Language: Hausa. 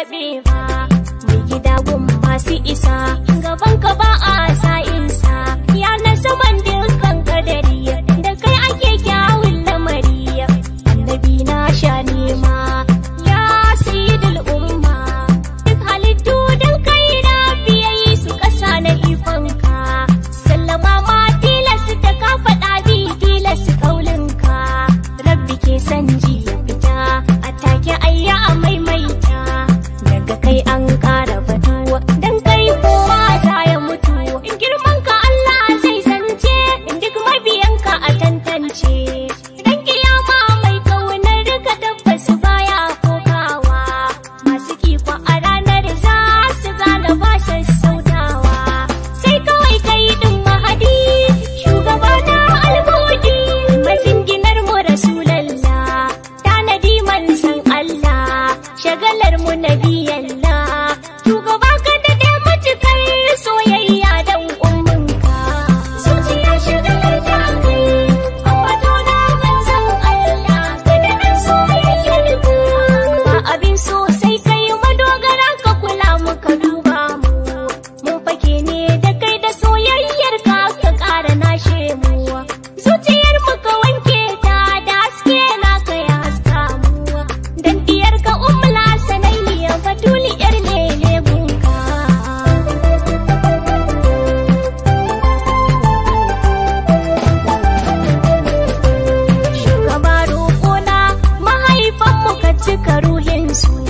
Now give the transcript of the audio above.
zaɓe ba mai gida gun masu isa gaban ka ba a insa? ya na saman dukan kadari da kai ake kyawun lamari annabi na sha nema ya sidil umma duk halittu don kai na biyayi su ƙasa na ka sallama ma tilas da ka faɗa bi tilas kaulinka rabbi ke san ya fita a take ayya a kai an ƙara batuwa dan kai kowa za ya mutu in girman ka Allah zai zance in duk mabiyan ka a tantance dan kiyama mai kaunar rika tabbas baya kokawa masu kiko a ranar za su gane ba sautawa. sai kawai kai din mahadi shugaba na almudi majinginar mu rasulallah tanadi man san Allah shagalar mu nabi comes with